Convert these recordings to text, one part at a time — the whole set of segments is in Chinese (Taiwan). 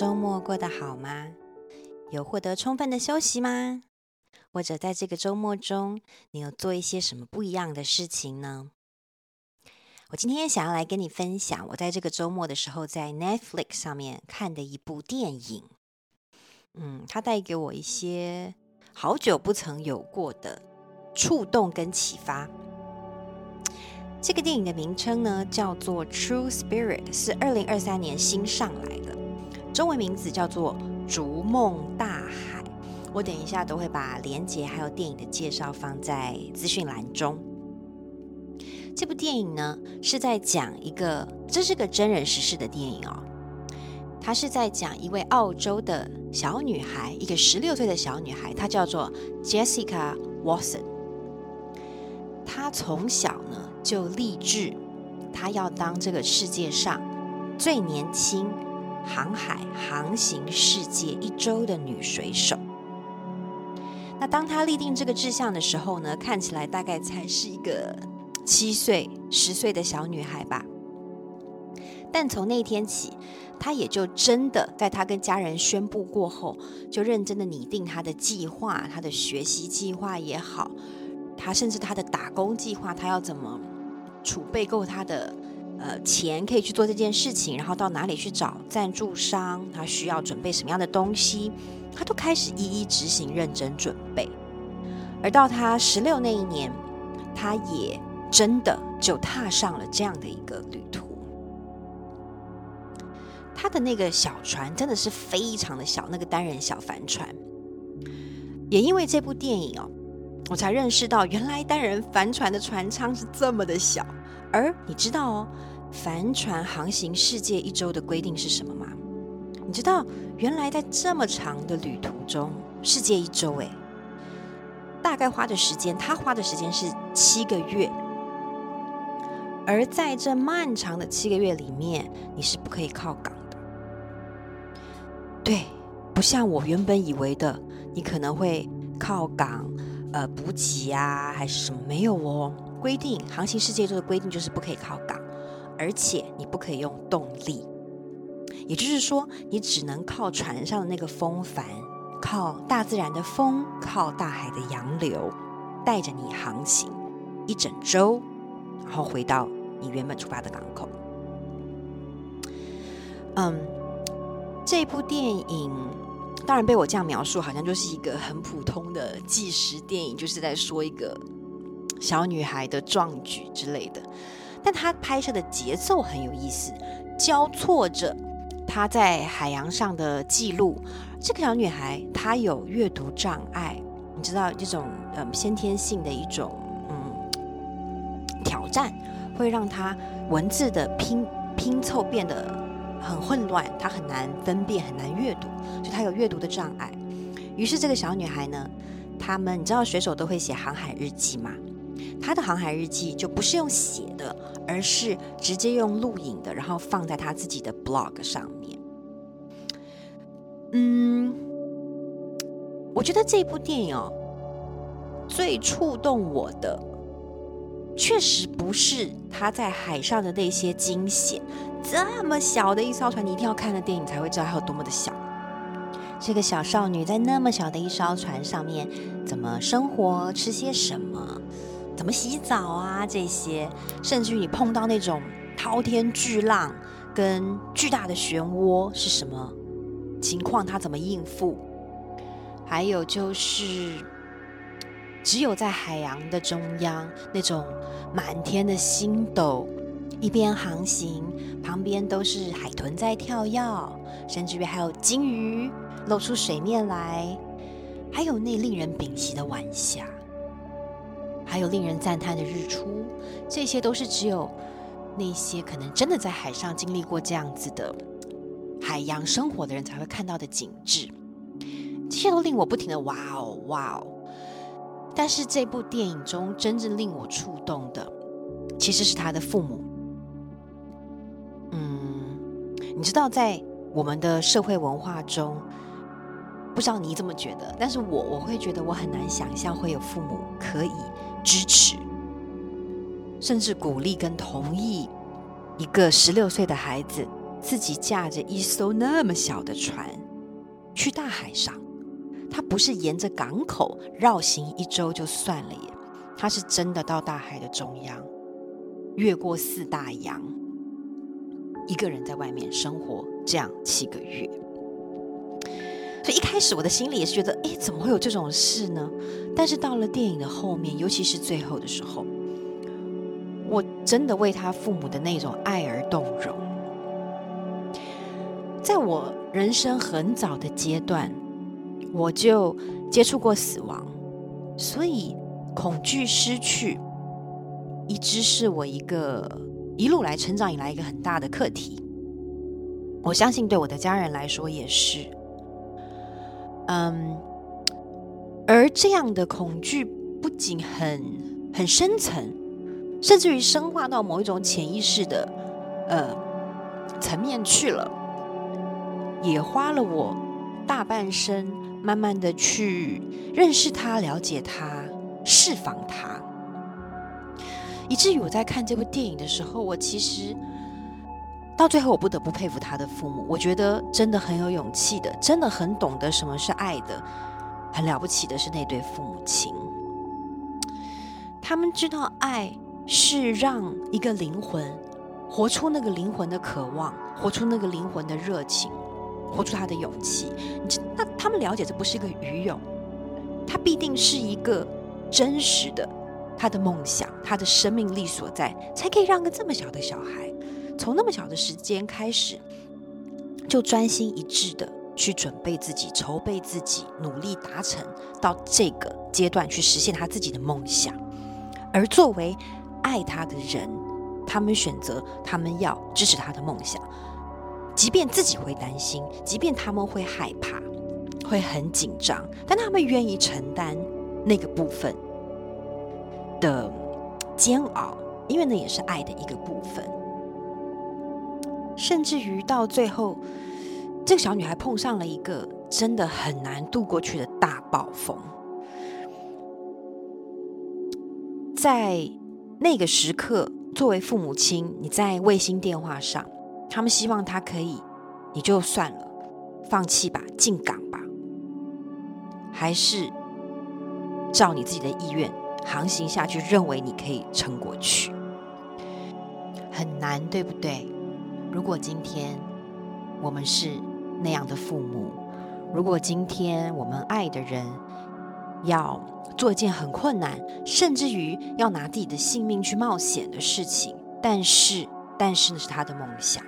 週末過得好嗎？有獲得充分的休息嗎？或者在這個週末中，你有做一些什麼不一樣的事情呢？我今天想要來跟你分享，我在這個週末的時候在 Netflix 上面看的一部電影。嗯，它帶給我一些好久不曾有過的觸動跟啟發。這個電影的名稱呢，叫做《True Spirit》，是二零二三年新上來的。中文名字叫做《築夢大海》，我等一下都會把連結還有電影的介紹放在資訊欄中。這部電影呢是在講一個，這是個真人實事的電影哦。它是在講一位澳洲的小女孩，一個十六歲的小女孩，她叫做 Jessica Watson。她從小呢就立志，她要當這個世界上最年輕。航海航行世界一周的女水手。那當她立定這個志向的時候呢，看起來大概才是一個七歲、十歲的小女孩吧。但從那天起，她也就真的在她跟家人宣布過後，就認真的擬定她的計劃，她的學習計劃也好，她甚至她的打工計劃，她要怎麼儲備夠她的。呃，錢可以去做這件事情，然後到哪裡去找贊助商？他、啊、需要準備什麼樣的東西？他都開始一一執行，認真準備。而到他十六那一年，他也真的就踏上了這樣的一個旅途。他的那個小船真的是非常的小，那個單人小帆船。也因為這部電影哦，我才認識到原來單人帆船的船艙是這麼的小。而你知道哦，帆船航行世界一周的規定是什麼嗎？你知道原來在這麼長的旅途中，世界一周誒，大概花的時間，他花的時間是七個月。而在這漫長的七個月裡面，你是不可以靠港的。對，不像我原本以為的，你可能會靠港，呃，補給啊，還是什麼？沒有哦。規定航行，世界中的規定就是不可以靠港，而且你不可以用動力，也就是說，你只能靠船上的那個風帆，靠大自然的風，靠大海的洋流，帶着你航行一整周，然後回到你原本出發的港口。嗯，這部電影，當然被我這樣描述，好像就是一個很普通的紀實電影，就是在說一個。小女孩的壯舉之類的，但她拍攝的節奏很有意思，交錯着她在海洋上的記錄。這個小女孩她有閱讀障礙，你知道這種嗯先天性的一種嗯挑戰，會讓她文字的拼拼湊變得很混亂，她很難分辨，很難閱讀，所以她有閱讀的障礙。於是這個小女孩呢，他們你知道水手都會寫航海日記嗎？他的航海日記就不是用寫的，而是直接用錄影的，然後放在他自己的 blog 上面。嗯，我覺得這部電影哦，最觸動我的，確實不是他在海上的那些驚險。這麼小的一艘船，你一定要看了電影才會知道它有多麼的小。這個小少女在那麼小的一艘船上面怎麼生活，吃些什麼？怎麼洗澡啊？這些，甚至於你碰到那種滔天巨浪跟巨大的漩渦是什麼情況？他怎麼應付？還有就是，只有在海洋的中央，那種滿天的星斗，一邊航行，旁邊都是海豚在跳躍，甚至於還有鯨魚露出水面來，還有那令人屏息的晚霞。還有令人讚嘆的日出，這些都是只有那些可能真的在海上經歷過這樣子的海洋生活的人才會看到的景致。這些都令我不停的哇哦哇哦。但是這部電影中真正令我觸動的，其實是他的父母。嗯，你知道在我們的社會文化中，不知道你怎麼覺得，但是我我會覺得我很難想象會有父母可以。支持，甚至鼓勵跟同意，一個十六歲的孩子自己駕着一艘那麼小的船去大海上，他不是沿着港口繞行一周就算了耶，他是真的到大海的中央，越過四大洋，一個人在外面生活這樣七個月。所以一開始我的心裡也是覺得，哎、欸，怎麼會有這種事呢？但是到了電影的後面，尤其是最後的時候，我真的為他父母的那種愛而動容。在我人生很早的階段，我就接觸過死亡，所以恐懼失去，一直是我一個一路來成長以來一個很大的課題。我相信對我的家人來說也是。嗯，um, 而這樣的恐懼不僅很很深層，甚至於深化到某一種潛意識的呃層面去了，也花了我大半生慢慢的去認識他、了解他、釋放他，以至於我在看這部電影的時候，我其實。到最後，我不得不佩服他的父母。我覺得真的很有勇氣的，真的很懂得什麼是愛的，很了不起的是那對父母親。他們知道愛是讓一個靈魂活出那個靈魂的渴望，活出那個靈魂的熱情，活出他的勇氣。你知，那他們了解這不是一個愚勇，他必定是一個真實的，他的夢想、他的生命力所在，才可以讓個這麼小的小孩。從那麼小的時間開始，就專心一致的去準備自己，籌備自己，努力達成到這個階段，去實現他自己的夢想。而作為愛他的人，他們選擇，他們要支持他的夢想，即便自己會擔心，即便他們會害怕，會很緊張，但他們願意承擔那個部分的煎熬，因為那也是愛的一個部分。甚至於到最後，這個小女孩碰上了一個真的很難度過去的大暴風。在那個時刻，作為父母親，你在衛星電話上，他們希望他可以，你就算了，放棄吧，進港吧，還是照你自己的意願航行下去，認為你可以撐過去，很難，對不對？如果今天我們是那樣的父母，如果今天我們愛的人要做一件很困難，甚至於要拿自己的性命去冒險的事情，但是但是那是他的夢想，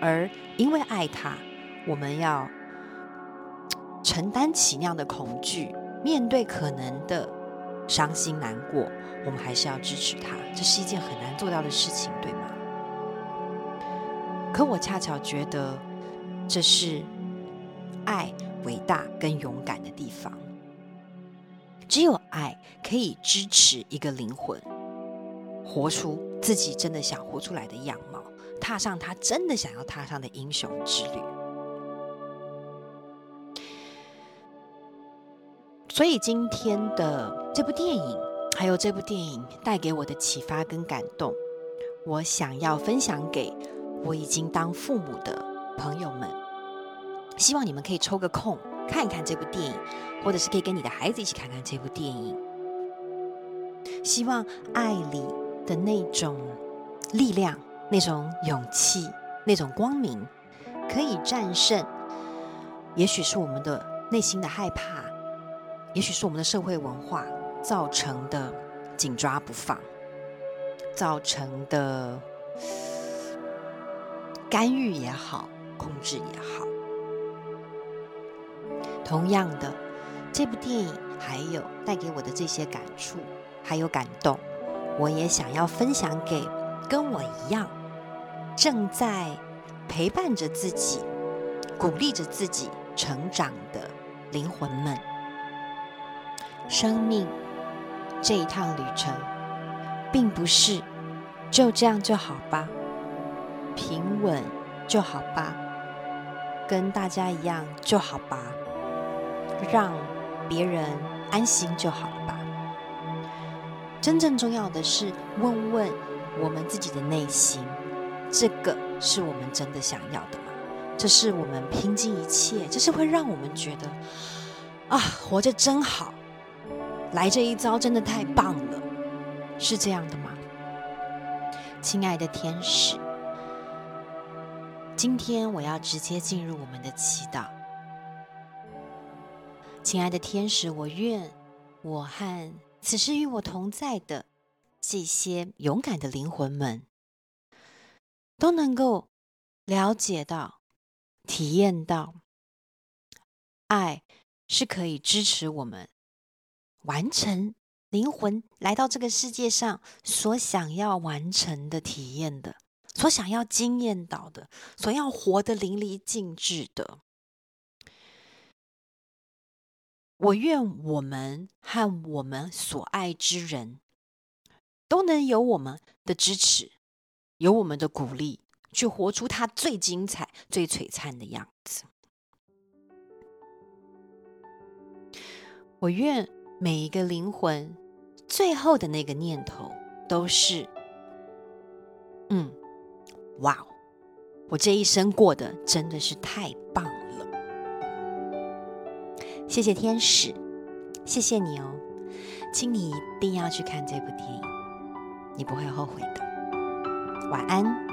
而因為愛他，我們要承擔起那樣的恐懼，面對可能的傷心難過，我們還是要支持他。這是一件很難做到的事情，對嗎？可我恰巧覺得，這是愛偉大跟勇敢的地方。只有愛可以支持一個靈魂，活出自己真的想活出來的樣貌，踏上他真的想要踏上的英雄之旅。所以今天的這部電影，還有這部電影帶給我的啟發跟感動，我想要分享給。我已經當父母的朋友們，希望你們可以抽個空看一看這部電影，或者是可以跟你的孩子一起看看這部電影。希望愛裡的那種力量，那種勇氣，那種光明，可以戰勝，也許是我們的內心的害怕，也許是我們的社會文化造成的緊抓不放造成的。干預也好，控制也好。同樣的，這部電影還有帶給我的這些感觸，還有感動，我也想要分享給跟我一樣，正在陪伴着自己、鼓勵着自己成長的靈魂們。生命這一趟旅程，並不是就這樣就好吧。平穩就好吧，跟大家一樣就好吧，讓別人安心就好了吧。真正重要的是問問我們自己的內心，這個是我們真的想要的嗎？這是我們拼盡一切，這是會讓我們覺得啊，活着真好，來這一遭真的太棒了，是這樣的嗎？親愛的天使。今天我要直接進入我們的祈禱。親愛的天使，我願我和此時與我同在的這些勇敢的靈魂們，都能夠了解到、體驗到，愛是可以支持我們完成靈魂來到這個世界上所想要完成的體驗的。所想要經驗到的，所要活得淋漓盡致的，我願我們和我們所愛之人，都能有我們的支持，有我們的鼓勵，去活出他最精彩、最璀璨的樣子。我願每一個靈魂最後的那個念頭都是，嗯。哇哦，我這一生過得真的是太棒了！謝謝天使，謝謝你哦，請你一定要去看這部電影，你不會後悔的。晚安。